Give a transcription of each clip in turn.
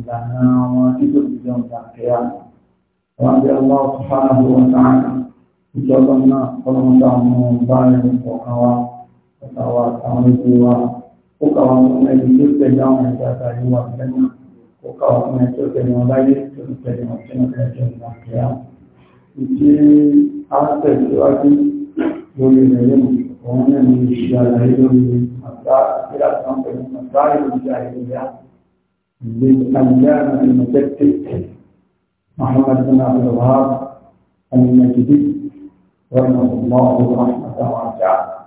ìlànà wọn títò ìjọ ìdàkẹ́yà wọn bí ọmọ ọ̀sán àwọn ọ̀sán ìjọba náà ọlọ́mọdé àwọn ọba ẹni kọ̀ọ̀kan wa ọ̀tàwà àtàwọn ẹgbẹ́ wa ó kàwá fún ẹni tó tẹ̀lé àwọn ẹgbẹ́ àtàrí wa lẹ́nu ó kàwá fún ẹni tó tẹ̀lé wọn láyé tó tẹ̀lé wọn sínú ẹjọ́ ìdàkẹ́yà ìdí àtẹ̀síwájú lórí rẹ̀ lẹ́nu òun للعلامة المجدد محمد بن عبد الوهاب المجدي رحمه الله رحمة واسعة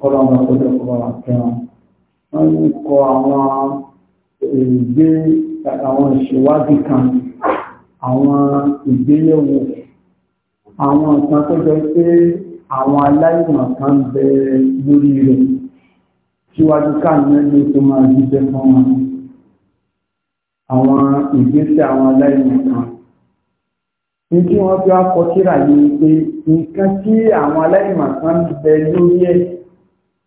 قرآن قدر قرآن كان أن قرآن ìgbé àwọn ìṣèwádìí kan àwọn ìgbéyẹ̀wò àwọn nǹkan tó jẹ́ pé àwọn aláìmọ̀ kan bẹ lórí rẹ̀ síwájú káàmì ẹni tó máa jíjẹ fún wọn àwọn ìgbésẹ̀ àwọn aláìní kan ní kí wọ́n fi wá kọ síra yìí pé nǹkan tí àwọn aláìmọ̀ kan ń bẹ lórí ẹ̀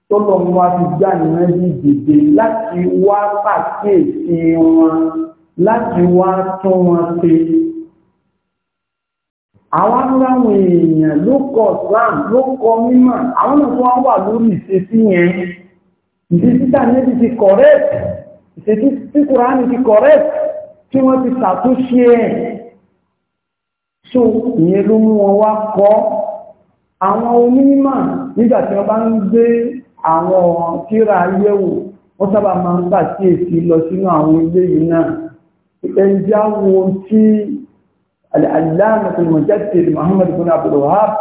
tọ́lọ̀ ń wá fi gbà nínú dìde láti wá pàkíyèsí wọn láti wá tún wọn ṣe. àwọn aláwọ̀ èèyàn ló kọ Islam ló kọ mímọ̀ àwọn náà tó wá wà lórí ìṣesí yẹn ìṣesí tà níbi ti correct ìṣètí tí kùránì ti correct tí wọ́n ti ṣàtúnṣe ẹ̀ so ìyẹn ló mú wọn wá kọ́ àwọn onímọ̀ nígbà tí wọ́n bá ń gbé àwọn tíra yẹ̀wò wọ́n sábà máa ń pàkíyèsí lọ sínú àwọn ilé yìí náà ẹnjá tí al Muhammad ibn Abdul Wahhab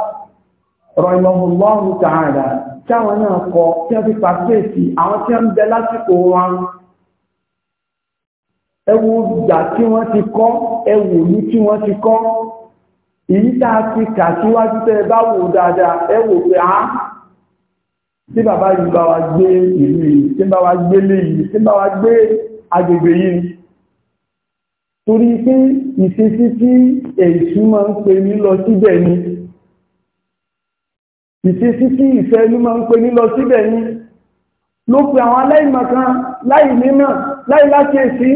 rahimahullahu ta'ala táwọn náà kọ tí wọ́n fi ẹwù ìgbà tí wọ́n ti kọ́ ẹwù ní tí wọ́n ti kọ́ èyí tá a ti kà síwájú tẹ́ bá wò dáadáa ẹwù pé á tí bàbá yìí bá wa gbé ìlú yìí tí bá wa gbé lé yìí tí bá wa gbé agbègbè yìí torí pé ìṣesí tí èṣù máa ń pè ní lọ síbẹ̀ ni ìṣesí tí ìfẹ́ ló máa ń pè ní lọ síbẹ̀ ni ló pe àwọn aláìmọ̀kan láì nínà láì láti èsì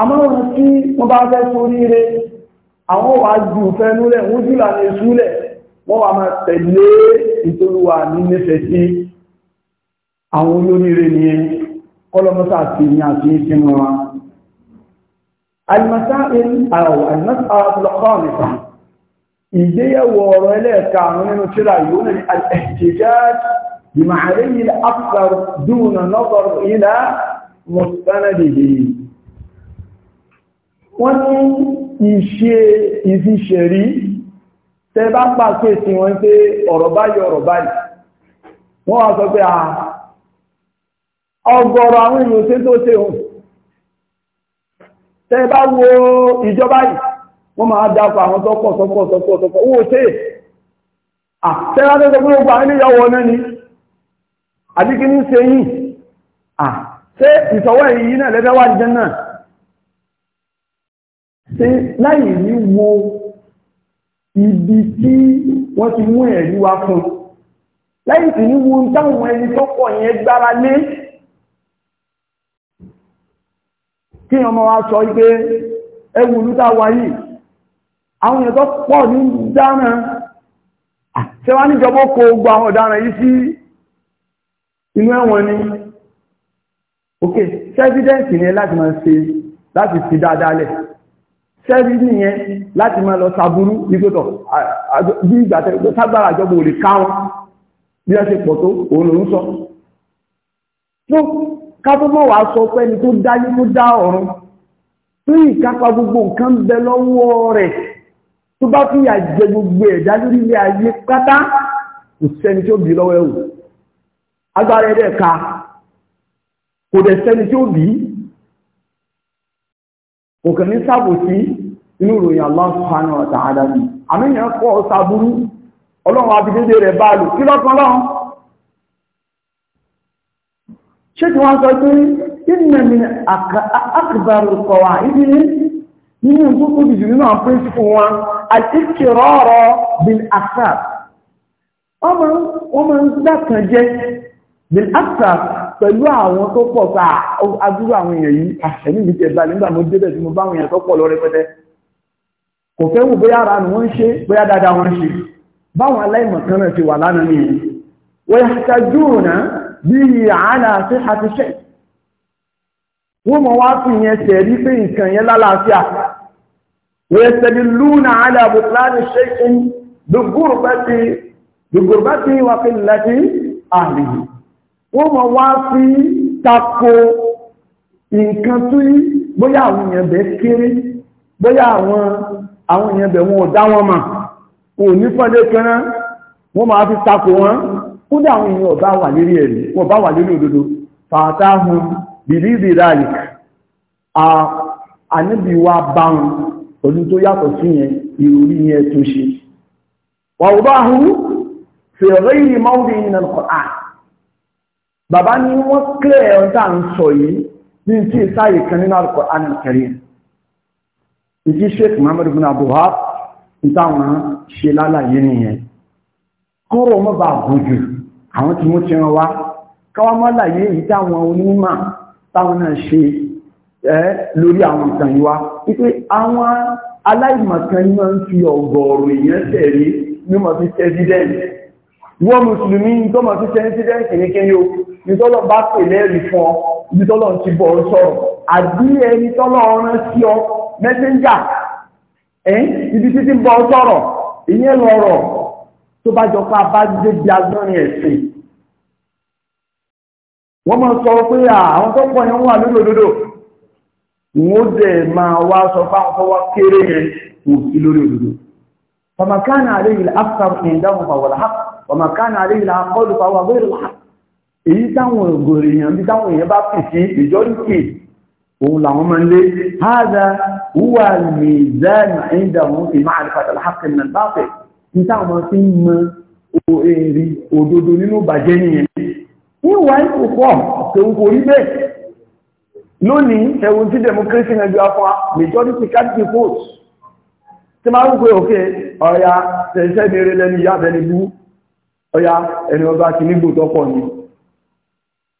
àmọ́ wọn tí wọ́n bá fẹ́ sórí rẹ̀ àwọn wà jù fẹ́nú rẹ̀ wọ́n jù lànà ìsúlẹ̀ wọ́n wà máa tẹ̀lé ìtolúwà ní nífẹ̀ẹ́ sí àwọn olóríire ni kọlọmọ́sà ti ní àti ìsinmi wọn almasa'il almasa'il ìgbéyẹ̀wò ọ̀rọ̀ ẹlẹ́ẹ̀ka wọ́n ní ìṣe ìfiṣẹ̀rí tẹ bá pàṣẹ sí wọn pé ọ̀rọ̀ báyìí ọ̀rọ̀ báyìí wọ́n wá sọ pé à ọgọ́rọ̀ àwọn èèyàn tó tẹ hùn tẹ bá wo ìjọba yìí wọ́n máa dápọ̀ àwọn tọ́pọ̀ tọ́pọ̀ tọ́pọ̀ tọ́pọ̀ owó tẹ́ àtẹ́lá tẹ́sọ pé àwọn ọ̀nà ni àdíkí ní ṣe yìí náà lẹ́fẹ́ ṣe láì ní wo ibi tí wọ́n ti mú ẹ̀rí wá fún láì sì ní wo táwọn ẹni tó pọ̀ yẹn gbára lé kí ọmọ wa sọ pé ẹwù olúta wa yìí àwọn èèyàn tó pọ̀ ní dáná ṣe wá níjọba kó gbogbo àwọn ọ̀daràn yìí sí inú ẹ̀wọ̀n ni ok ṣe evidence ni láti máa ṣe láti fi dáadáa lẹ̀ sẹ́rí nìyẹn láti máa lọ sàbúrú ìgbótọ̀ bí ìgbà tágbàrà àjọgbò lè káwọn bí ẹ̀ṣẹ̀ pọ̀ tó òun lòun sọ tó kábọ́mọ̀ wà sọ pé tó dáyé tó dá ọ̀run tó ìkápa gbogbo nǹkan bẹ lọ́wọ́ rẹ̀ tó bá fi àjẹ gbogbo ẹ̀dá lórí ilé ayé pátá kò sẹ́ni lọ́wọ́ ẹ̀wò agbára ẹ̀dẹ̀ kò dẹ̀ sẹ́ni òkè ní sábòsí inú ìròyìn Allah subhanahu wa ta'ala ni àmìyàn pọ̀ sàbúrú ọlọ́run abidédé rẹ̀ bá lò kí lọ́kàn lọ́run ṣé tí wọ́n sọ pé inna min akbar al-qawa'id nínú tó kó jù nínú àwọn píríncípù wọn al-iqrar bil asar wọ́n máa ń dákan jẹ́ bil asar pẹ̀lú àwọn tó pọ̀ sá adúrú àwọn èèyàn yìí àṣẹ̀mí mi tẹ̀ balẹ̀ nígbà mo débẹ̀ tí mo bá àwọn èèyàn tó pọ̀ lọ rẹpẹtẹ kò fẹ́ wù bóyá ara wọn ń ṣe bóyá dáadáa wọn ṣe báwọn aláìmọ̀ ti wà lánàá nìyẹn gbogbo rẹ̀ ti wà fi lẹ́tí àlìyé wọ́n mọ̀ wá sí tako nǹkan tó yí bóyá àwọn èèyàn bẹ̀ kéré bóyá àwọn àwọn èèyàn bẹ̀ wọn ò dá wọn mà ò ní fọ́dé kẹrán wọ́n máa fi tako wọn ó dá àwọn èèyàn ọ̀bá wà lérí ẹ̀rí wọ́n bá wà lérí òdodo fàtàhùn bìlìbì ráàlì àníbìwà báhùn olú tó yàtọ̀ sí yẹn ìròrí yẹn tó ṣe wà ó bá hù fèrè ìrìnmọ́ bàbá ní wọ́n kílẹ̀ ẹ̀rọ tá à ń sọ yìí ní tí ìsáyè kan nínú Al-Qur'an Al-Karim ìdí sheikh muhammadu bin abuha ìtàwọn ṣe lálàyé nìyẹn kọ́rọ̀ mọ́ bá gùnjù àwọn tí mo ti rán wá káwà mọ́láyé ìtàwọn onímọ̀ táwọn náà ṣe lórí àwọn ìtàn yìí wá wípé àwọn aláìmọ̀kan ní wọ́n fi ọ̀gọ̀ọ̀rọ̀ èèyàn tẹ̀lé ní mọ̀ fi tẹ́sídẹ́ǹtì wọ́n mùsùlùmí tó mọ̀ fi tẹ́sídẹ́ǹtì ní kíni o nítọ́lọ̀ ọba pè lẹ́rìí fún ọ nítọ́lọ̀ ti bọ̀ ọ sọ̀rọ̀ àbí ẹni ọ ibi títí bọ̀ ọ sọ̀rọ̀ ìyẹn lọ̀rọ̀ tó bá jọ pa bá débi agbọ́nrin ẹ̀sìn sọ pé àwọn tó pọ̀ yẹn wà lórí òdodo wọ́n dẹ̀ máa wá sọ tó wá kéré yẹn kò sí lórí òdodo èyí táwọn ògòrò èèyàn bí táwọn èèyàn bá fi sí ìjọ́ríkì òun làwọn máa ń lé hádá wúwà lè zẹ́nà ẹ̀yìndà wọn fi máa rí pàtàkì hapkin náà báfẹ̀ ní táwọn máa fi ń mọ èrì òdodo nínú bàjẹ́ nìyẹn ní wà ní púpọ̀ tòun kò rí bẹ́ẹ̀ lónìí ẹ̀wọ̀n tí democracy nàìjíríà fún majority catholic vote tí máa ń pè òkè ọ̀ya tẹ̀sẹ̀ ní eré lẹ́nu ìyá abẹ́ni bú ọ̀ya ẹni ọba kìíní gbòtọ́pọ̀ ni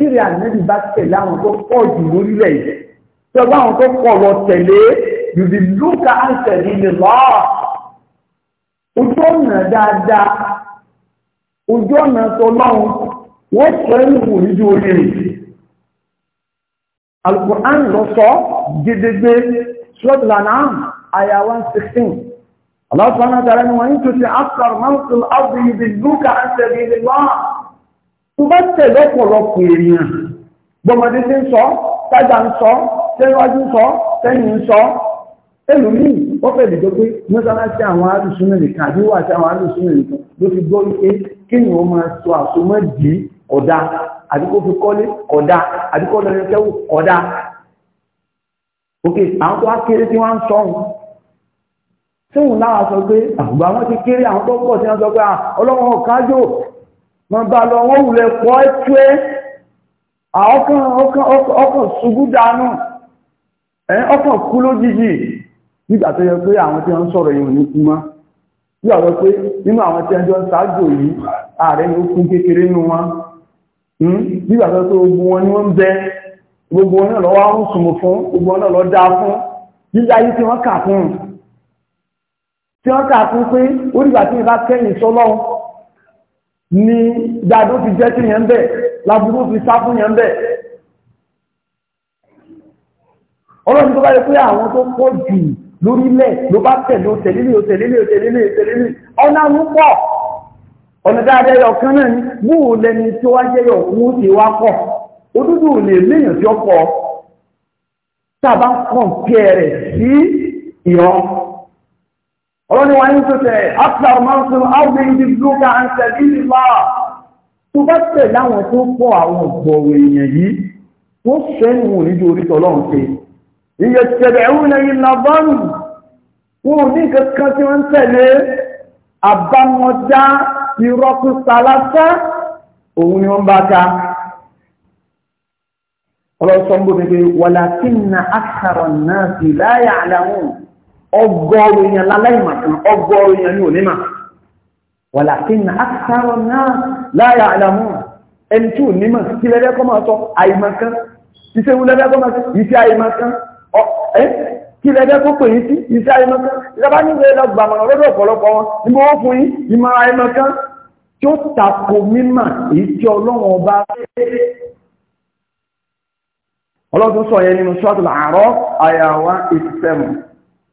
tíri ànábì bá tẹ̀lé àwọn tó pọ̀ jù lórílẹ̀ yìí tọ́gbà àwọn tó pọ̀ lọ tẹ̀lé yìí lóka á tẹ̀lé ní lọ́ ojú ọ̀nà dáadáa ojú ọ̀nà tọ́lọ́run wọ́n tẹ̀lé wò níjú orí rẹ̀ alukur'an lọ sọ gédégbé ṣọ́dúnlá náà àyà 116 Allah subhanahu wa ni wọ́n yí tó ti mọ́tò àbúyí bí lóka á ní lọ́ọ̀ tó bá tẹ̀lé ọ̀pọ̀lọpọ̀ èèyàn gbọmọdé tí ń sọ tájà ń sọ tẹ́wájú ń sọ tẹ́yìn ń sọ ẹlòmíì ó fẹ́ dìjọ pé mọ́sálásí àwọn alùsùnmí nìkan àbí wà sí àwọn alùsùnmí nìkan ló fi gbọ́ wípé kéèyàn ó máa sọ àsomọ́ dì í kódà àbí kó fi kọ́lé kódà àbí kó lọ yẹn kẹ́wò kódà. òkè àwọn tó wá kéré tí wọ́n ń sọ ọ́n síwùn láwa sọ pé àgbà wọn ti kéré àwọn tó pọ̀ tí wọ́n sọ pé ah, ọlọ́wọ́n kájò wọ́n bá lọ wọ́n wùlẹ̀ pọ̀ ẹ́tú ẹ́ ọkàn ọkàn ṣubú dánú ọkàn kú lójijì nígbà tó yẹ pé àwọn tí wọ́n sọ̀rọ̀ èèyàn ní kú mọ́ yíò àwọn pé nínú àwọn tí ẹjọ́ ṣáájò yìí ààrẹ ni ó kún kékeré nínú wọn hmm? nígbà tó tó gbogbo wọn ni wọ́n ń bẹ gbogbo wọn náà lọ wá ń sùnmù fún gbogbo wọn náà lọ dá fún yíyá yìí tí wọ́n kà fún tí wọ́n kà fún pé ó dìgbà tí ìbá kẹ́yìn sọ́lọ́run Ni dáadó ti jẹ́ sí yẹn bẹ́ẹ̀ lábúrú fi sá fún yẹn bẹ́ẹ̀ ọlọ́run tó bá yẹ pé àwọn tó pọ̀ jù lórílẹ̀ ló bá tẹ̀lé òtẹ̀lélé òtẹ̀lélé òtẹ̀lélé òtẹ̀lélé ọ̀nà ń pọ̀ ọ̀nà dáadáa yọ kan náà ní bóò lẹni tó wá jẹ́ yọ fún òtè wá pọ̀ òdúdú lè léèyàn tí ó pọ̀ tá kàn pẹ́ sí ìran ọlọ́ni wa ń tètè after mountain alvin di blúkà and sẹ́lẹ̀ wá tó bá tẹ̀ láwọn tó pọ̀ àwọn ọ̀gbọ̀rọ̀ èèyàn yìí tó fẹ́nu wọn orí tọ́lọ́run ṣe iye tẹ̀lẹ̀ ẹ̀rù lẹ́yìn labaru wọn ò ní kankan tí wọ́n ń tẹ̀lé àbámọ́já irọ́ pípa òun ni wọ́n bá ta ọlọ́sọ́nbó pépé wàlàkínà àkàrọ̀ náà sì láyà àlàmù ọgọ́rùn èèyàn láláìmà kan ọgọ́rùn èèyàn ní onímà wà látín àkàrọ̀ náà láyà àdàmú ẹni tí ò nímà kí lẹ́lẹ́kọ́ máa tọ́ àìmà kan iṣẹ́ wú lẹ́lẹ́kọ́ máa tọ́ iṣẹ́ àìmà kan ẹ́ kí lẹ́lẹ́kọ́ pè yí sí iṣẹ́ àìmà kan ìjọba nígbà ẹ̀lọ gbàmọ̀ràn lọ́dọ̀ ọ̀pọ̀lọpọ̀ wọn ni mo fún yí ìmọ̀ àìmà kan tí ó tako mímà èyí tí ọlọ́run ọba ọlọ́run sọ yẹn nínú sọ́ọ̀tù àárọ̀ àyàwá 87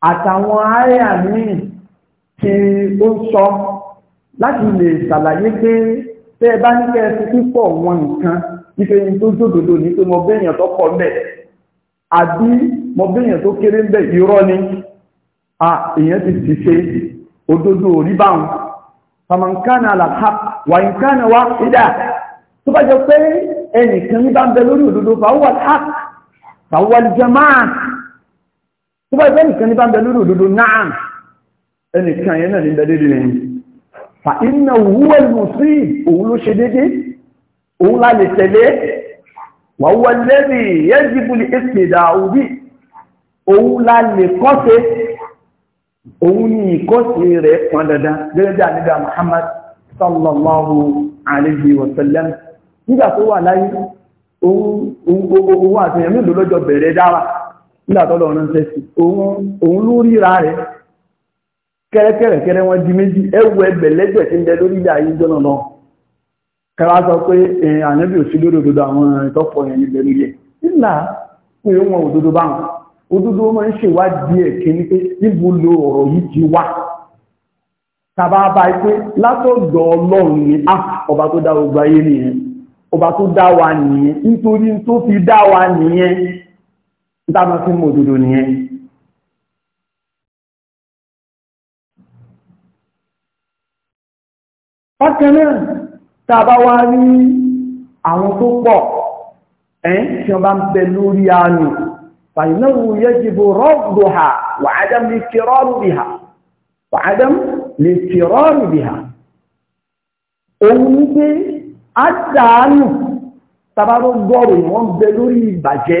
àtàwọn àyà míì tí ó sọ láti lè ṣàlàyé pé tẹ́ bá ní kẹ́ fi púpọ̀ wọn nǹkan ife ní tó jòdòdò ní pé mo béèyàn tó pọ̀ bẹ̀ àbí mo béèyàn tó kéré bẹ̀ irọ́ ni à èèyàn ti ti ṣe òdodo orí báwọn famankana alhaq wàyínkana wa ìdá tó bá jẹ́ pé ẹnìkan ní bá ń bẹ lórí òdodo fàwọn alhaq fàwọn aljamaa tó bá ìfẹ́ nìkan ní bá ń bẹ lórí òdodo náà ẹnìkan yẹn náà ní bẹ dédé rẹ̀ fa iná wúwẹ́ lùsí òun ló ṣe dédé òun la lè tẹ̀lé wà wọ́n lẹ́bí yẹ́jìbùlì ìpèdà òbí òun la lè kọ́ṣe òun ní ìkọ́ṣe rẹ̀ pọn dandan gẹ́gẹ́ bí àníbà Muhammad sallallahu alayhi wa sallam nígbà tó wà láyé òun àti ẹ̀mí lọ́jọ́ bẹ̀rẹ̀ dára nígbàtọ́lọ̀ ọ̀nà sẹ́sì òun ló ríra rẹ̀ kẹ́rẹ́kẹ́rẹ́kẹ́rẹ́ wọn di méjì ẹwù ẹgbẹ̀lẹ́gbẹ̀ tí ń bẹ lórí ilẹ̀ ayé jọ́nà sọ pé ànábì àwọn ìtọ́pọ̀ yẹn níbẹ̀ lórí ẹ̀ nílà pé wọn òdodo bá wọn òdodo máa ń ṣèwádìí ẹ̀ lo ọ̀rọ̀ yìí ti wá tàbá bá yìí pé látọ̀dọ̀ ọlọ́run ni a ọba tó dá gbogbo ayé nìyẹn ọba tó dá wa nìyẹn nítorí tó fi dáma fi mọ̀ òdodo nìyẹn ọkàn náà tàbá wá rí àwọn tó pọ̀ ẹ̀yìn tí wọ́n bá ń bẹ lórí àánú fàyínáwó yajibu radduha wa adam liqraru biha wa adam liqraru biha òun ní pé àdánù tàbá ló wọ́n bẹ lórí ìbàjẹ́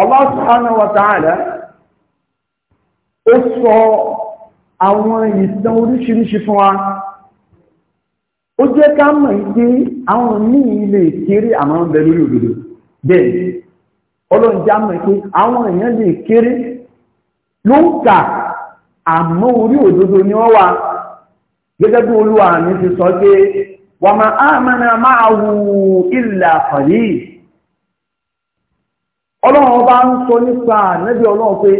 Allah subhanahu wa ta'ala ó sọ àwọn ìtàn oríṣiríṣi fún wa ó jẹ́ ká mọ̀ pé àwọn ní ilé kéré àmọ́ ń bẹ lórí òdodo bẹ́ẹ̀ kere já mọ̀ ori àwọn èèyàn lè kéré ló ń kà àmọ́ orí òdodo ni wọ́n wà gẹ́gẹ́ bí olúwa mi ti sọ wa ma ọlọ́run ọba ń sọ nípa ànẹ́bí ọlọ́run pé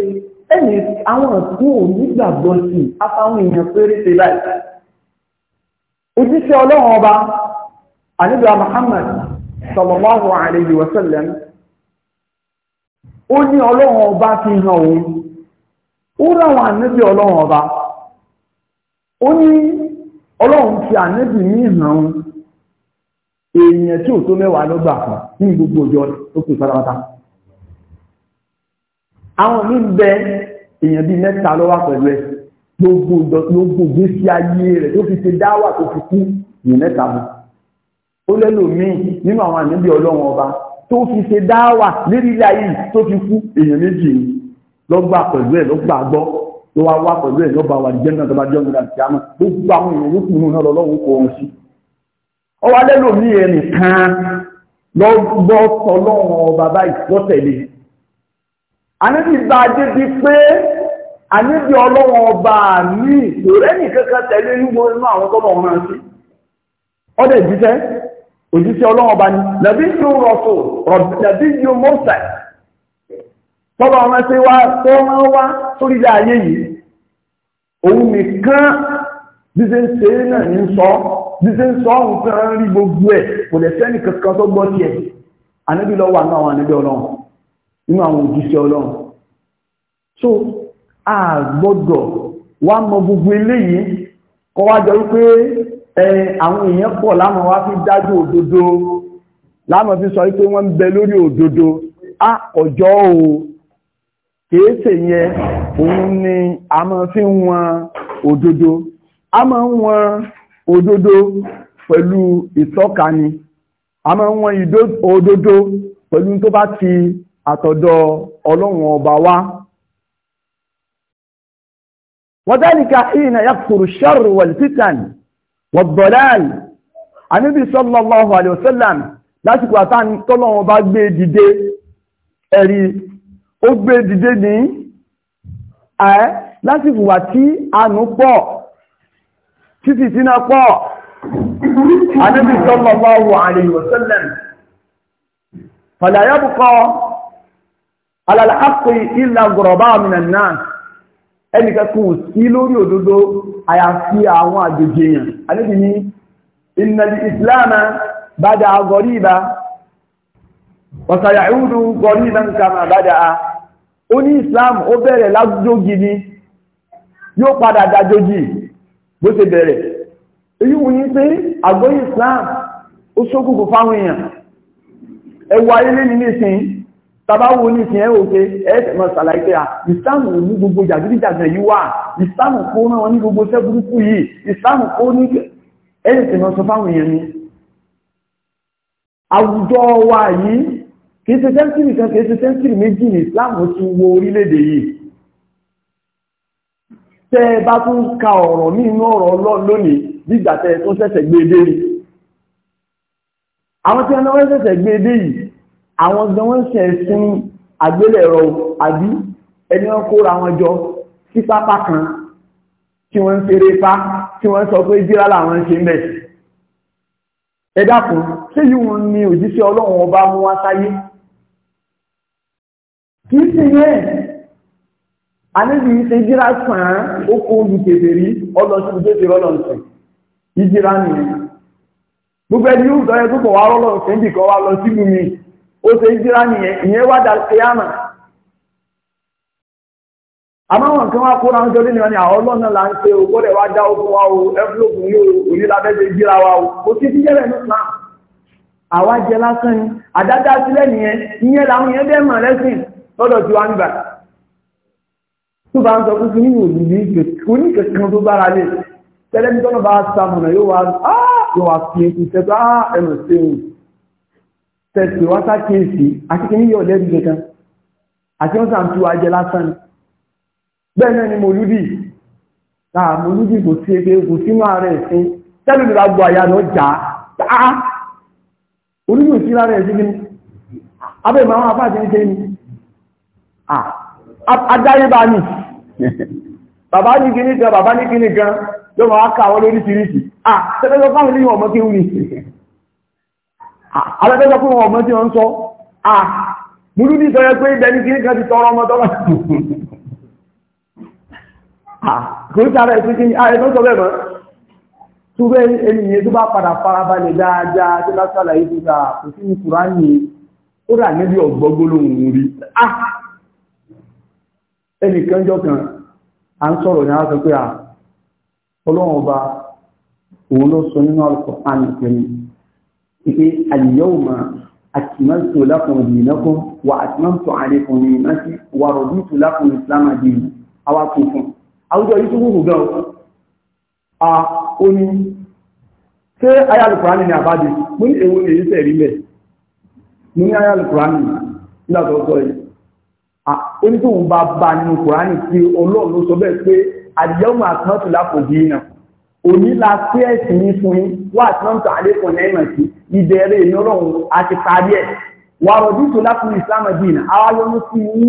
ẹni àwọn ẹ̀kú nígbàgbọ́ sí afáwọn èèyàn ọlọ́run ọba ànẹ́bí Muhammad sallallahu alayhi ó ní ọlọ́run ọba fi hàn òun ó ráwọn ànẹ́bí ọlọ́run ọba ó ní ọlọ́run fi ànẹ́bí ní hàn èèyàn tí ò tó mẹ́wàá kan ní gbogbo ọjọ́ tó àwọn mi ń bẹ èèyàn bíi mẹ́ta ló wà pẹ̀lú ẹ̀ gbogbo gbogbo sí ayé rẹ̀ tó fi ṣe dáwà tó fi kú yìí mẹ́ta mu ó lẹ́lò míì nínú àwọn àníbi ọlọ́run ọba tó fi ṣe dáwà lérí ilé ayé tó fi kú èèyàn méjì ni lọ́gbà pẹ̀lú ẹ̀ lọ́gbà gbọ́ ló wá wá pẹ̀lú ẹ̀ lọ́gbà wà jẹ́ náà tọ́ba jẹ́mu àti àmọ́ gbogbo àwọn èèyàn yókù nínú náà lọ́wọ́ kó wọn sí. ọwọ́ lẹ́lò míì ẹnìkan lọ́gbọ́ sọlọ́run ọba báyìí lọ́tẹ̀lé àníbi gba débi pé àníbi ọlọ́wọ́n ọba mi ìṣòrẹ́ nìkankan tẹ̀lé nínú inú àwọn tọ́lọ̀ ọ̀ràn sí ọdẹ ìjíṣẹ́ òjíṣẹ́ ọlọ́wọ́n ọba ni nàbí yóò rọ̀tò nàbí yóò mọ́sà tọ́lọ̀ ọ̀ràn sí wa tó rán wá sórí ilé ayé yìí òun nìkan bí ṣe ń ṣe é náà ní sọ bí ṣe ń sọ nǹkan rí gbogbo ẹ̀ kò lẹ́sẹ̀ nìkankan tó gbọ́ tiẹ̀ àníbi lọ́wọ́ àná àwọn àníbi ọlọ́wọ́n nínú àwọn òjíṣẹ́ ọlọ́run so a gbọ́dọ̀ wá mọ gbogbo eléyìí kọ́ wá jọ wípé àwọn èèyàn pọ̀ lámọ̀ wá fi dájú òdodo lámọ̀ fi sọ wípé wọ́n ń bẹ lórí òdodo a ọjọ́ o kèése yẹn òun ni a máa fi ń wọn òdodo a máa ń wọn òdodo pẹ̀lú ìtọ́kani a máa ń wọn òdodo pẹ̀lú tó bá ti àtọ̀dọ̀ ọlọ́run ọba wá wọ́dálìkà ìrìnà yàkùrù ṣọ́rù wàlìtìtàn wọ̀bọ̀láàlì anábì sallallahu alaihi wasallam lásìkò àtàn tọ́lọ́run bá gbé dìde ẹ̀rí ó gbé dìde ní ẹ́ lásìkò wà tí àánú pọ̀ títì sínà pọ̀ anábì sallallahu alaihi wasallam alàlàáfẹ́ ìlà gọ̀rọ̀bá àmìnà náà ẹnìkan kò sí lórí òdodo àyàfi àwọn àjòjì èèyàn alẹ́bì ní ìnàlì ìsìláàmà bada gọ̀ríba wàsàyàúdù gọ̀ríba nkàmà bada a ó ní islam ó bẹ̀rẹ̀ lájójì ni yóò padà dájójì bó ṣe bẹ̀rẹ̀ islam ó ṣókùnkùn fáwọn èèyàn ẹwà ilé ní nísìnyí tàbá wo ní ìsìn ẹ̀wòké ẹ̀ẹ́sẹ̀mọ̀ sàlàyé à ah, ìsìláàmù ní gbogbo jàgídíjàgẹ̀ yìí wà ìsìláàmù kó náà wọn ní gbogbo iṣẹ́ burúkú yìí ìsìláàmù kó ní ẹ̀ẹ́sẹ̀mọ̀ sọ fáwọn èèyàn ni àwùjọ wa yìí kìí ṣe sẹ́ńtìrì kan kìí ṣe sẹ́ńtìrì méjì ní ìsìláàmù ti wo orílẹ̀-èdè yìí tẹ́ ẹ bá tún ka ọ̀rọ̀ ní àwọn gan wọ́n ṣe ẹ̀sìn àgbélẹ̀rọ àbí ẹni wọ́n kóra wọn jọ sí pápá kan tí wọ́n ń fèrè pa tí wọ́n sọ pé jíra làwọn ṣe ń bẹ̀. ẹ dákun ṣé yìí wọn ni òjíṣẹ́ ọlọ́run ọba mú wá sáyé kì í sì yẹn àníbi ṣe jíra sàn án ó kó olùkèdè rí ọlọ́sùn tó ti rọ́lọ́sùn ìjíra nìyẹn gbogbo ẹni yóò dọ́yẹ tó kọ̀ wá rọ́lọ́sùn níbìkan wá lọ sílùú mi ṣe ìjírá nìyẹn ìyẹn wá dà kíyàmà àmáwọn kan wá kóra ń jọ nínú ọ̀nà àwọn ọlọ́nà là ń ṣe òkú rẹ̀ wá dá ogun wa o ẹ́fúlógún yóò onílábẹ́jẹ ìjírá wa o kò sí jíjẹ́rẹ̀ ní Islam àwa jẹ lásán ni àdájá sílẹ̀ nìyẹn ìyẹn làwọn yẹn dẹ́ mọ̀ lẹ́sìn lọ́dọ̀ tí wá ń gbà tó bá ń sọ fún fún yóò ní oníkẹ̀kẹ́ tó bára lè tẹ́lẹ́mítọ́nà bá sàmùnà ah, yóò wá fi ẹkùn tẹ́tọ́ tẹ̀sí wáta kéèsì àti kí ní yọ̀ lẹ́bí kankan àti wọ́n sàn tú ajẹ́ lásán bẹ́ẹ̀ náà ni mòlúdì náà ah, mòlúdì kò sí ebe kò sínú ààrẹ ẹ̀sìn tẹ́lú ìlú agbo àyà lọ jà á olúdì ah, ò sí lára ẹ̀sìn ní abẹ́ ìmọ̀ àwọn apá àti ní ah, adáyébá ní bàbá ní kíní kan bàbá ní kíní kan ló máa ká àwọn lóríṣiríṣi ah tẹ́lẹ́ lọ fáwọn ilé ìwọ̀n mọ́ alágbẹ́sọ fún ọmọ tí wọ́n ń sọ à múlú ní sọ́yẹ́ pé ìbẹ̀ni kí nǹkan ti tọrọ ọmọ tọ́lá kò sára ẹ̀sùn kí ni ààrẹ tó sọ bẹ́ẹ̀ mọ́ tó bẹ́ ènìyàn tó bá padà farabalẹ̀ dáadáa tó bá sàlàyé tó ta kò sí ní kùránì ó rà níbi ọ̀gbọ́gbólóhùn rí ẹnìkan jọ kan à ń sọ̀rọ̀ ní àwọn pé à ọlọ́run ọba òun ló sọ nínú àlùkò àmì pẹ̀lú ìpé al-yawma akmaltu lakum dinakum wà atmamtu alaykum ni'mati wà raditu lakum islam dìínà àwa tuntun àwùjọ yìí tó wù gan a ó ní ṣé ayálùkùránì ni àbáde mo ní èwo èyí tẹ̀rí mẹ́ mo ayálùkùránì òní la pé ẹ̀sìn ní fún yín wà tí wọ́n ń tàn àlékún lẹ́yìn sí ìbẹ̀rẹ̀ ìnọ́rọ̀hún àti parí ẹ̀ wà rọ̀dí tó láti ní dìínà àwa sí ní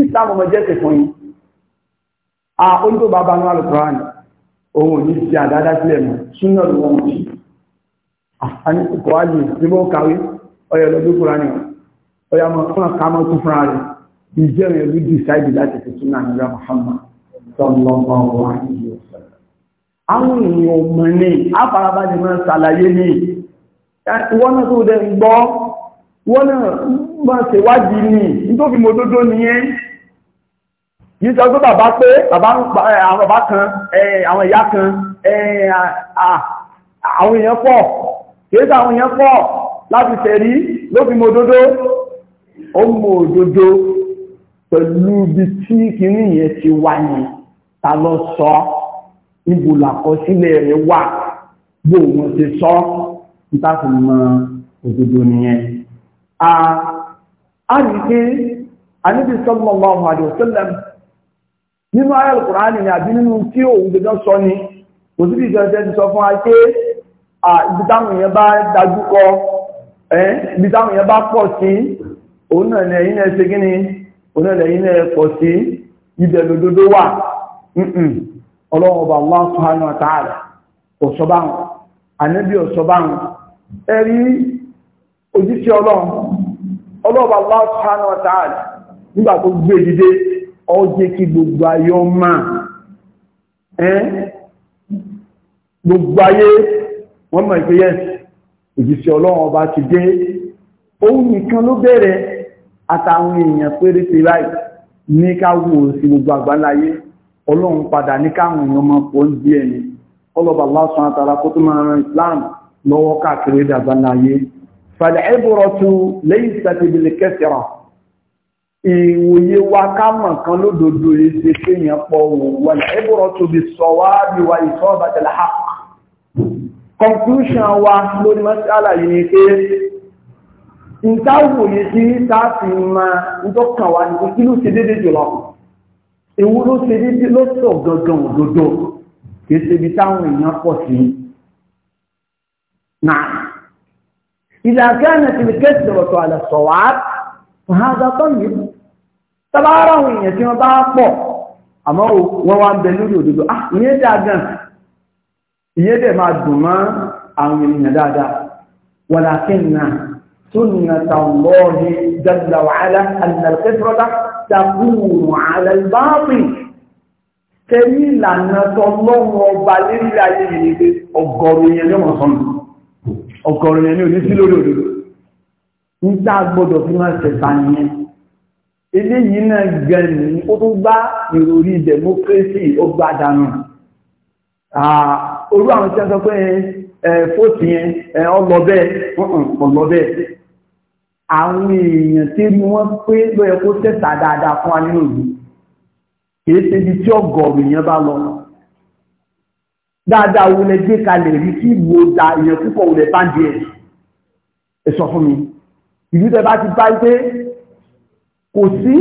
islam ọmọ fún yín a ó ní tó bá banú alukuran òun ò ní ti àdáadáa sílẹ̀ mọ́ súnà ló wọ́n ti àní kò wá yìí tí wọ́n kàwé ọyọ lọ́dún kúra ni ọyọ fún ọkà máa tún fúnra rẹ̀ Muhammad sallallahu àwọn èèyàn ọmọ ní àfarabalẹ̀ máa ṣàlàyé ní wọ́n náà tó dẹ̀ ń gbọ́ wọ́n náà máa ṣèwádìí ní nítorí mo dódó nìyẹn yìí sọ pé bàbá pé àwọn bàbá kan àwọn ìyá kan àwọn èèyàn pọ̀ kìí sọ àwọn èèyàn pọ̀ láti tẹ̀rí ló fi mo dódó ó mọ òdodo pẹ̀lú ibi tí kìíní yẹn ti wáyé ta ló sọ ọ́ níbo làkọsílẹ̀ rẹ̀ wà bó wọn ti sọ nítàkùn mọ òdodo nìyẹn. a rí pé àníbi sallallahu alaihi wasallam nínú ayé Al-Kùránì ni àbí nínú tí òun gbẹdọ sọ ni kò síbi ìjọba ti sọ fún wa pé ibi táwọn èèyàn bá dájú kọ ibi táwọn èèyàn bá pọ̀ sí òun náà lẹ́yìn ẹ̀ṣẹ́ gíní òun náà lẹ́yìn ẹ̀pọ̀ sí ibẹ̀ lòdodo wà ọlọ́run ọba Allah subhanahu wa ta'ala ọ̀sọ́báhùn ànábì ọ̀sọ́báhùn ẹ̀rí òjíṣẹ́ ọlọ́run Allah ọmọ e ti dé òun nìkan ló bẹ̀rẹ̀ àtàwọn èèyàn péréte báyìí ní ká wò sí gbogbo àgbáláyé ọlọ́run padà ní káwọn èèyàn máa pọ̀ ń bí ẹni ọlọ́bà lásán àtàrà kó tó máa ran Islam lọ́wọ́ káàkiri dàbà láyé fal-ibratu laysat bil-kathra ìwòye wa kámọ̀ kan lódodo èsì kéèyàn pọ̀ wal-ibratu bis ewu ló ṣe dédé ló tọ̀ gangan òdodo kìí ṣe ibi táwọn èèyàn pọ̀ sí náà ìlà gánà ti lè kẹ́sì ọ̀tọ̀ àlẹ́ sọ̀wá fàhádà tọ́yìn tàbára àwọn èèyàn tí wọ́n bá pọ̀ àmọ́ wọ́n wá ń bẹ lórí òdodo ah ìyẹn dà máa takùnù àlẹ́báàbì tẹ́lí ìlànà tọ́lọ́wọ́ ọba lérí ayé yìí pé ọgọ́rùn yẹn ní wọ́n sọ́nà ọgọ́rùn yẹn ní òní sí lórí òdòdó ní tá a gbọ́dọ̀ fi máa ṣẹ̀ta yẹn eléyìí náà gẹ̀ẹ́nì ó tún bá ìròrí democracy ó gbá dànù orú àwọn tí wọ́n sọ pé fóòtù yẹn ọlọ́bẹ̀ àwọn èèyàn tí rí wọ́n pé lóyẹ kó tẹ́ta dáadáa fún wa nínú ìlú kìí ṣe ibi tí ọgọ̀rù èèyàn bá lọ dáadáa wo lẹ gbé kalẹ̀ rí kí wo da èèyàn púpọ̀ wo lẹ bá ń di ẹ̀ ẹ sọ fún mi ìlú tẹ bá ti bá pé kò sí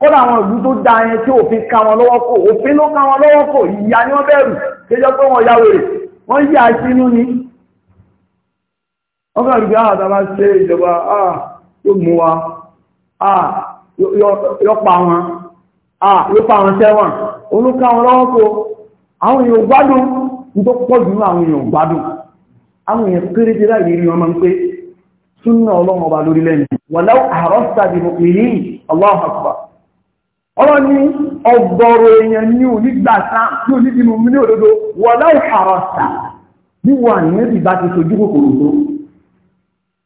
kódà àwọn ìlú tó da yẹn tí òfin ká wọn lọ́wọ́ kò òfin ló ká wọn lọ́wọ́ kò ìyá ni wọ́n bẹ̀rù kéjọ pé wọ́n yáwèrè wọ́n yí àṣínú ni Ọ ga bí a àtàbà ṣe ìjọba àà ah, yóò mú wa àà ah, yóò wọn àà ah, yóò wọn sẹ́wọ̀n olúkà wọn lọ́wọ́ àwọn èèyàn gbádùn ní tó pọ̀ jù àwọn èèyàn gbádùn àwọn èèyàn kéré láì rí ń pé ọlọ́run ọba lórí lẹ́nu àrọ́sà dìbò ìní ọlọ́ọ̀hàkùbà ní ọgọ́rọ̀ èèyàn ní sáà ní àrọ́sà bí ti sojú kòkòrò tó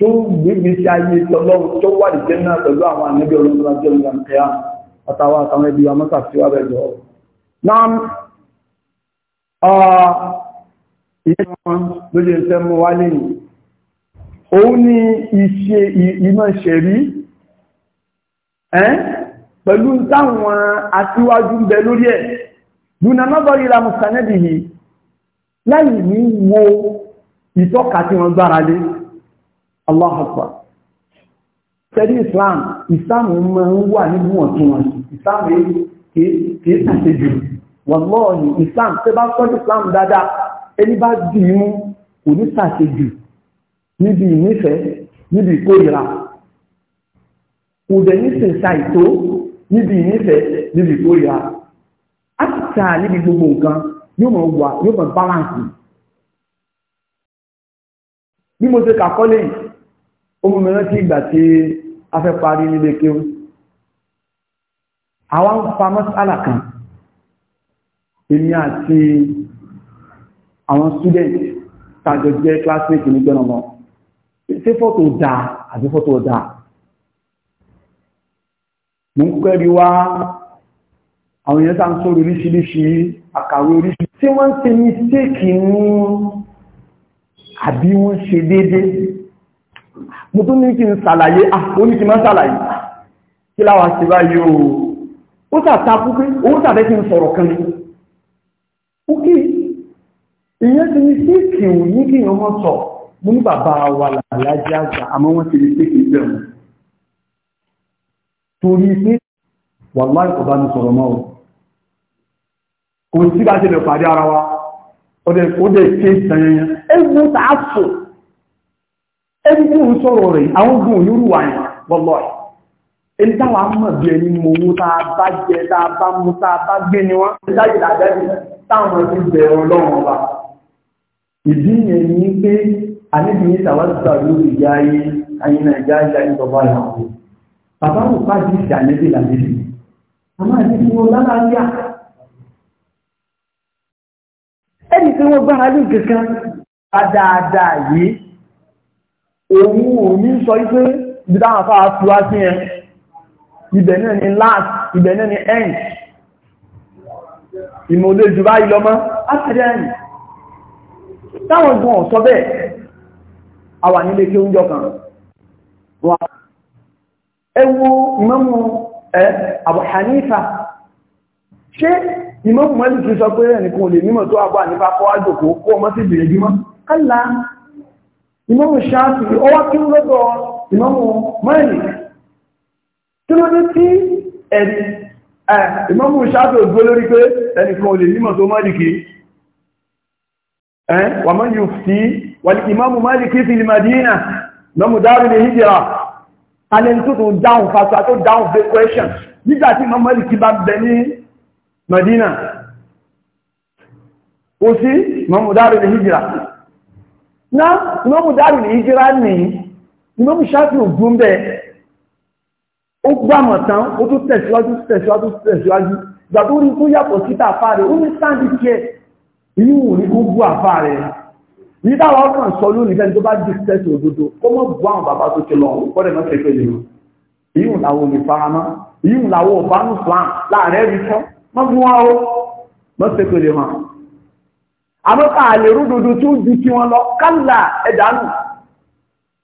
tó gbígbé sí ayé tọ́lọ́wọ́ tó wà ní jẹ́nà pẹ̀lú àwọn ànẹ́bí ọlọ́pàá jẹ́ ìrànkẹ́yà àtàwà àtàwọn ẹbí amọ́sà sí wà bẹ̀jọ́. náà ìyẹn wọn ló lè fẹ́ mú wá lè òun ni iṣẹ́ ìmọ̀ ṣẹ̀rí pẹ̀lú táwọn aṣíwájú ń bẹ lórí ẹ̀ dùnà mọ́bọ̀rí ìtọ́ka tí wọ́n gbára lé Allah akbar tẹ́lí Islam Islam máa ń wà nínú ọ̀túnwọ̀nsì Islam kìí sàṣe jù wàlọ́ọ̀nì Islam tẹ́ bá sọ́jú Islam dáadáa ẹni bá dì í mú kò ní sàṣe jù níbi ìnífẹ̀ẹ́ níbi ìkórìíra kò dẹ̀ ní sèṣà ìtó níbi ìnífẹ̀ẹ́ níbi ìkórìíra á ti ta níbi gbogbo nǹkan yóò mọ̀ wà yóò mọ̀ báláǹsì bí mo ṣe kàkọ́lé yìí ó mú mi rántí ìgbà tí a fẹ́ parí nílé kéwú àwọn ń fa mọ́sálà kan èmi àti àwọn student tàjọ jẹ́ classmate ní gbọ́nà wọn ṣé fọ́tò dáa àbí fọ́tò dáa mo ń kẹ́rí wá àwọn èèyàn sáà ń sọ̀rọ̀ oríṣiríṣi àkàwé oríṣiríṣi tí wọ́n ń ṣe mistake ní àbí wọ́n ṣe déédéé mo tó ní kí n sàlàyé àpò ah, ní kí máa sàlàyé kí láwà sí báyìí o ó sàtakú pé owó sàbẹ́ kí n sọ̀rọ̀ kan ní ókè ìyẹn ti ní sí kìí ní kí n ọmọ sọ mo ní bàbá wa làlájá àgbà àmọ́ wọ́n ti lè pé kìí bẹ̀rù torí pé wàlá ìkọ̀bá mi sọ̀rọ̀ o kò sí bá ti lè pàdé ara wa ké sanyẹnyẹn ẹgbẹ́ tààsùn ẹni tí ó sọ̀rọ̀ rẹ̀ àwọn ogun onírúwà yìí bọ́lọ̀ ẹ̀ ẹni táwà mọ̀ bí ẹni mọ owó tá a bá jẹ tá a bá mú tá a bá gbé ni wọ́n láyé àdáyé táwọn ti bẹ̀rẹ̀ ọlọ́run ọba ìdí yẹn ni pé àníbìyí tàwátà lórí ìyá ayé ayé náà ìyá ayé ayé tọ́ba ìyàwó bàbá wò ká di ẹni tí wọ́n gbára lóògì kan bá dáadáa òun ò ní sọ ipé ìdáwọn afá àtúwá sí ẹ ibẹ̀ náà ni last ibẹ̀ náà ni end ìmọ̀lé jù báyìí lọ mọ́ átẹ́rẹ́ ẹ̀yìn táwọn ọgbọ̀n sọ bẹ́ẹ̀ a wà nílé kí oúnjọ kan wà ẹwọ ìmámù ẹ̀ Abu Hanifa ṣé ìmámù mẹ́lì kí sọ pé ẹnìkan ò lè mímọ̀ tó Abu Hanifa kọ́ àjòkó kó ọmọ sí ìbìrẹ̀ ìmọ̀mù ṣáàtì ọwá kí ó lọ́dọ̀ ìmọ̀mù mẹ́rin tí ló dé tí ẹ̀rí ìmọ̀mù ṣáàtì ògbó lórí pé ẹnìkan olè nímọ̀ tó mọ́lìkì wà mọ́ yóò fi wàlì ìmọ̀mù mọ́lìkì fi Madina lọ́mù dárí ní hijira alẹ́ni tó tún dáhùn fasa tó dáhùn big question nígbà tí ìmọ̀mù mọ́lìkì bá bẹ ní Madina ó sí ìmọ̀mù dárí ní hijira náà ìmọ̀mù dárù ní ìjírá ní ìmọ̀mù ṣáàfì ògún bẹ́ ó gbàmọ̀ tán ó tún tẹ̀síwájú tẹ̀síwájú tẹ̀síwájú ìgbà tó rí tó yàtọ̀ síta àfá rẹ̀ ó ní sáàdì kí ẹ èyí wò ní kó bú àfá rẹ̀ ní táwọn ọkàn sọ lónìí fẹ́ni tó bá di tẹ̀sí òdodo kó mọ̀ bú àwọn bàbá tó ti lọ kọ́dẹ̀ mọ́ tẹ̀sí lè wọn èyí wò làwọn òmì faramọ́ èyí wò làwọn òbánú flam láàrẹ́ rí tán mọ́ bú wọn ó mọ́ tẹ̀sí lè wọn àmọ́ká lè rúdòdó tí ó ju tí wọn lọ kálà ẹ̀dánù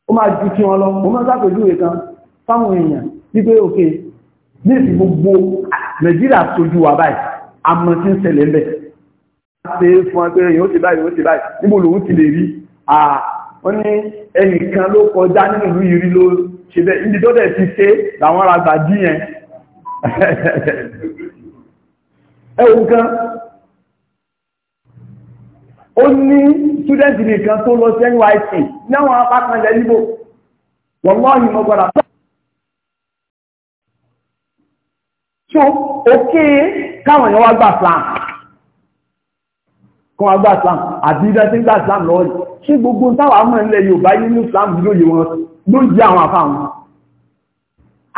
ó máa ju tí wọn lọ mo máa sápẹ̀jú ìkan fáwọn èèyàn wípé òkè ní ìsìn gbogbo nàìjíríà tójú wa báyìí àmọ́ tí ń ṣẹlẹ̀ ńbẹ̀ ṣe fún ẹgbẹ́ èèyàn ó ti báyìí ó ti báyìí níbo lòun ti lè rí wọ́n ní ẹnìkan ló kọjá nínú ìlú yìí ló ṣe bẹ́ẹ̀ ibi tó dẹ̀ kan ó ní túdẹ́ǹtì nìkan tó lọ sí NYSC náwọn apákanlẹ̀ níbò wọ́n lọ́yìn mọ́gbọ́dà so òkè káwọn èèyàn wá gbà Islam kan wá gbà Islam àbí ibẹ̀ tí ń gbà Islam lọ́wọ́ ṣé gbogbo táwọn amọ̀ ilẹ̀ Yorùbá nínú Islam lóye wọn ló jẹ́ àwọn afá wọn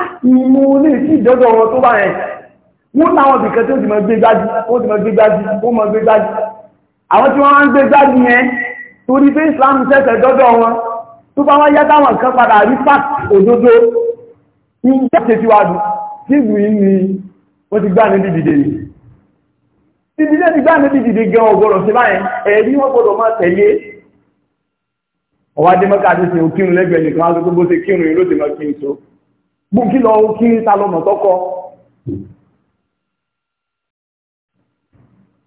ah, mo lè sí ìdọ́dọ̀ wọn tó bá yẹn wọ́n láwọn ibìkan tó ti mọ̀ gbé gbájú wọ́n ti mọ̀ gbé gbájú wọ́n mọ̀ gbé gbájú àwọn tí wọ́n ń gbé jáde yẹn torí pé Islam tẹ́sẹ̀ dọ́dọ̀ wọn tó bá wọ́n yẹ́ta wọn kan padà rí pàt òdodo ìjẹ́ tẹ̀síwájú sígbù ìní wọ́n ti gbá níbi dìde yìí títí tẹ́ ti gbá níbi dìde gan ọgbọ̀rọ̀ sí báyẹn ẹ̀rí wọ́n gbọ́dọ̀ máa tẹ̀lé ọwá dẹ́mọ́kà ti sin òkírun lẹ́gbẹ̀ẹ́ nìkan á tó gbogbo ṣe kírun yìí ló ti mọ̀ kí n so gbókí lọ kí ta lọ mọ̀ tọ́kọ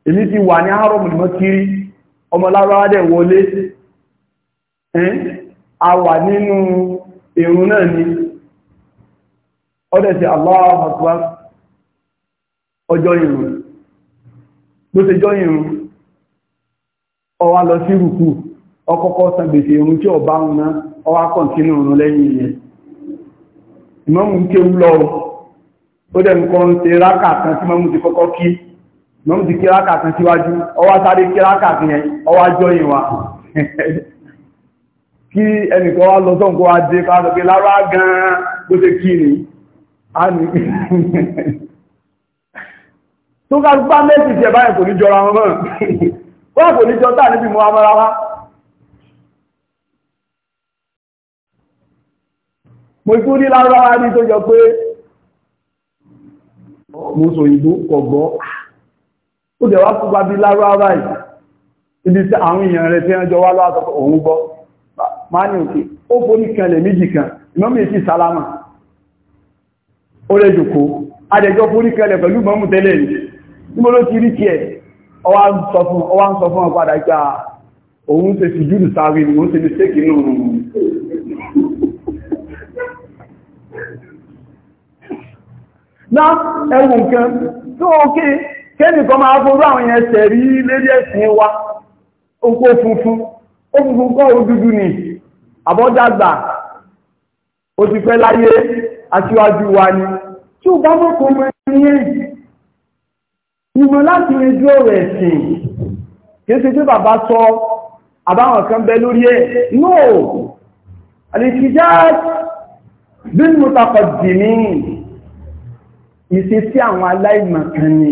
èmi ti wà ní àárọ̀ mọ̀lùmọ́ kiri ọmọ lárọ́wádẹ̀ wọlé a wà nínú èrò náà ni ọdẹ̀ sí Allahu ọjọ́ ìrùn ló ti jọ ìrùn ọwá lọ sí rùkú ọkọ́kọ́ san ìrùn tí ọwá kọ̀ntínú ìrùn lẹ́yìn ìyẹn ìmọ́mù ń ké ń lọ ó dẹ̀ rákà kan tí mọ́mù ti ló ń di kíráka kan síwájú ọwá sáré kíráka kan yẹn ọwá jọyìn wa kí ẹnìkan wá lọ sọ́nkọ́ wá dé pàtàkì lára gan-an bó ṣe kí ni a ní tó ká gbá méjì jẹ báyìí kò ní jọra wọn mọ́ wọ́n kò ní jọ táà níbi mọ́ amára wá mo tún rí lára wá ní tó jọ pé ìbò kọ̀gbọ́ ó dẹ̀ wá fún babi lárúbáwá yìí ibi tí àwọn èèyàn rẹ̀ tí wọ́n jọ wá lọ́wọ́ òun gbọ́ máa ní òkè ó forí kan lẹ̀ méjì kan ìmọ́mí èsì sálámà ó rẹ̀ jòkó adẹjọ́ forí kan lẹ̀ pẹ̀lú mọ́mù tẹ́lẹ̀ níbo ló ti rí tiẹ̀ ọwá ń sọ fún ọpadà ìgbà òun ṣe fi júlù sáré ni òun ṣe ní séèkì nù ẹwùn kan tó ókè kéènì kan máa fún àwọn èèyàn tẹ̀rí lérí ẹ̀sìn wa oko funfun ó funfun kọ́ ó dúdú ni àbọ́dàgbà ó ti pẹ́ láyé aṣíwájú wa ni tí ó bá mọ́kàn mọ́ ẹni èyí ìmọ̀ láti rẹjú ọ̀rọ̀ ẹ̀sìn kìí ṣe tí bàbá sọ àbáwọn kan bẹ lórí ẹ̀ no àlèkìjá bí mo takọ̀ dì ní ìṣesí àwọn aláìmọ̀kan ni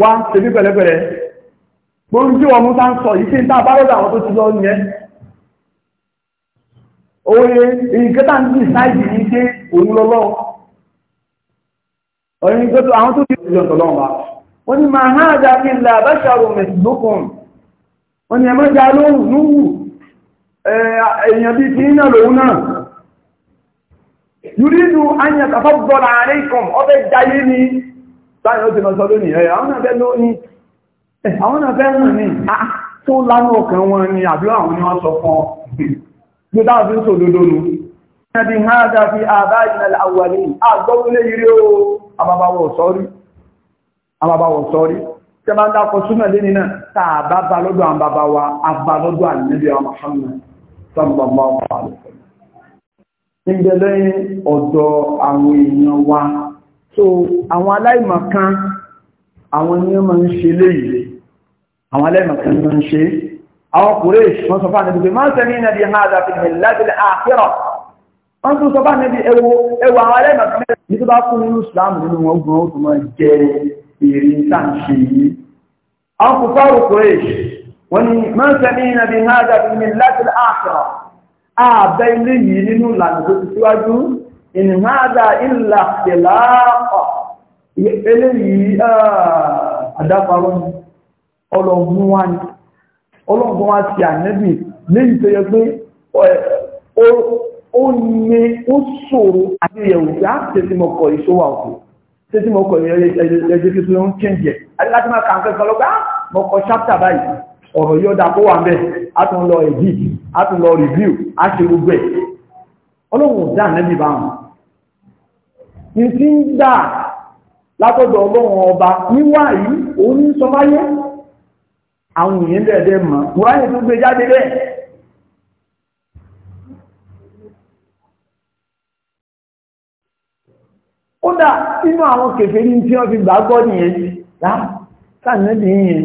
wá ṣebí pẹ̀lẹ́pẹ̀lẹ́ gbórí tí wọ́n mú tá ń sọ yìí tí tá àbárọ́dà àwọn tó ti lọ nìyẹn oye nǹkan tá ń dì sáìdì yìí ṣe òun lọ́lọ́ ọ̀yìn tó àwọn tó ti lọ sọ̀lọ́ wa wọ́n ní máa há àjà kí ilẹ̀ àbáṣàrò mẹ̀sìdókùn wọ́n ní ẹmọ́ ja lóhùn lóhù èèyàn bíi ti náà lòun náà yùrí lu àyàn tàfọ́ bọ́ọ̀lù àárín kan ọbẹ̀ jayé ni táyọ̀ ti máa sọ lónìí ẹ̀ àwọn náà fẹ́ lónìí àwọn náà fẹ́ rìn ní ah, ah, tó lánà ọkàn wọn ni àdúrà àwọn ni wọ́n sọ fún ọ gbé dáa fi ń sọ lódó nù ẹbí ha dá fi àbá ìrìnlẹ̀ àwàlẹ̀ àgbọ́gbọ́lé yìí ó àbábáwọ̀ sọ́rí àbábáwọ̀ sọ́rí tẹ́ bá ń dákọ̀ súnmọ̀ lé nínà tàà bá bá lọ́dọ̀ àbábá wa àbá lọ́dọ̀ ànílẹ̀ ọmọ hàmà sọ́mọ̀ so àwọn aláìmọ̀kan àwọn ni wọ́n ń ṣe léyìí àwọn aláìmọ̀kan ni wọ́n ṣe àwọn kùrẹ́ wọ́n sọ fáwọn ẹgbẹ́ máa ń sẹ́ni ìnàbí hàdà fi ní tó ń ṣe àwọn kò fáwọn kùrẹ́ wọ́n ni máa ń sẹ́ni ìnàbí hàdà fi ilé yìí nínú ìlànà tó ti síwájú ìnìmáàdà ìlà ìlàápọ̀ eléyìí ah, àdáparọ́ ọlọ́gbọ́n wá ní ọlọ́gbọ́n wá ti ànẹ́bì léyìí tó yẹ pé eh, ó ní ó ṣòro àgbéyẹ̀wò láti ah, tí mo kọ̀ ìṣówà òkú tí tí mo kọ̀ ẹjẹ́ kí tó ń kéǹjẹ̀ láti máa kàǹkẹ́ sọlọ́gbá ọlọ́run dá nẹ́bí bá wọn ní tí ń dà látọ̀dọ̀ ọlọ́run ọba níwá yìí òun ní sọ báyé àwọn èèyàn dẹ̀ẹ̀dẹ̀ mọ̀ kùránì tó gbé jáde bẹ́ẹ̀ ó dà inú àwọn kèfèrí tí wọ́n fi gbàgbọ́ nìyẹn dá sáànẹ́bí yẹn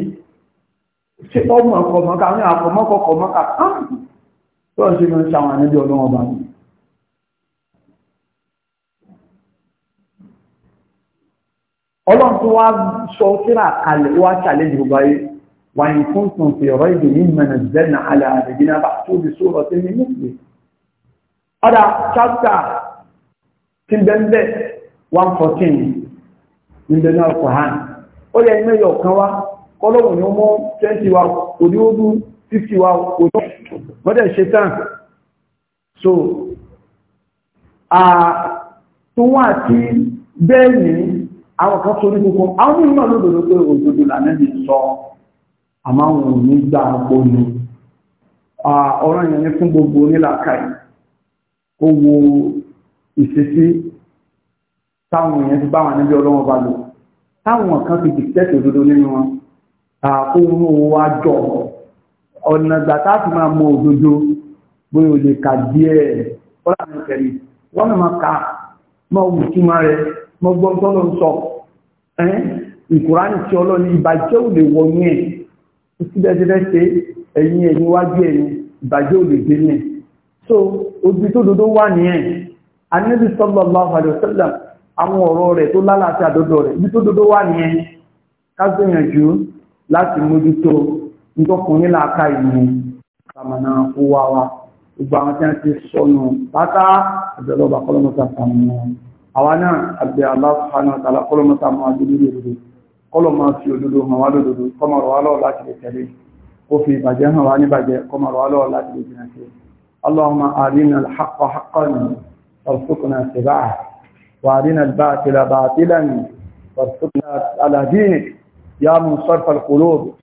ṣe ọmọ ọkọ̀mọ́ka ní àkọ̀mọ́kọ̀kọ̀mọ́ka tó ń ṣe mọ́ sáwọn ànẹ́bí ọlọ́run ọba yìí ọlọ́run tó wá sọ síra kalẹ̀ wá ṣàlẹ́jì gbogbo ayé wà ní kúntùn fi ọ̀rọ̀ ìdè yìí mẹ́nà zẹ́nà alẹ́ àdìgínà bá tó di sóòrọ̀ sí ní mùsùlùmí. ọ̀dà chápítà ti bẹ́ńbẹ́ one fourteen níbẹ̀ náà kò hàn ó yẹ ẹgbẹ́ yọ̀ kan wá kọ́lọ́wù ni ó mọ́ twenty wa òdiwọ́dú fifty wa òtọ́ mọ́tẹ̀ ṣe tán so àtúwọ̀n àti bẹ́ẹ̀ nìyí àwọn kan sórí gbogbo àwọn mímọ̀ lódòdó pé òdòdó lànẹ́bì sọ àmáwọn òní gbà gbóni ọ̀rọ̀ yẹn ní fún gbogbo onílàkàì ó wo ìṣesí táwọn èèyàn ti bá wọn níbi ọlọ́wọ́ bá lò táwọn kan ti dìtẹ́tì òdòdó nínú wọn àkóhun owó wá jọ ọ̀nà ìgbà táàtì máa mọ òdòdó bóyá o lè kà díẹ̀ ọ̀làmì ìtẹ̀lẹ̀ wọ́n máa ka máa wù túmọ̀ rẹ̀ mo gbọ́ tó ló ń sọ ìkùránì tí ọlọ́ni ìbàjẹ́ ò lè wọnú ẹ̀ síbẹ̀síbẹ̀ ṣe ẹ̀yìn ẹ̀yìn wájú ẹ̀yìn ìbàjẹ́ ò lè dé ní ẹ̀ so ojú tó dodo wà ní ẹ̀ anábì sallallahu alaihi wasallam àwọn ọ̀rọ̀ rẹ̀ tó lálàáfíà àdọ́dọ̀ rẹ̀ ibi tó dodo wà ní ẹ̀ ká gbìyànjú láti mójútó ntọ́kùnrin làákà ìlú kàmànà owó wa gbogbo àwọn tí wọ́n ti sọnù pátá àjọlọ́ba kọ́lọ́mọ́ta sàmúnà àwa náà àbẹ̀ Allah subhanahu wa ta'ala kọ́lọ́ mọ́ta máa dúdú ní òdodo kọ́lọ́ máa fi òdodo hàn wá lódodo kọ́mọ̀rọ̀ wá lọ́wọ́ láti lè tẹ̀lé ó fi ìbàjẹ́ hàn wá níbàjẹ́ kọ́mọ̀rọ̀ wá lọ́wọ́ láti lè jìnà sí اللهم أرنا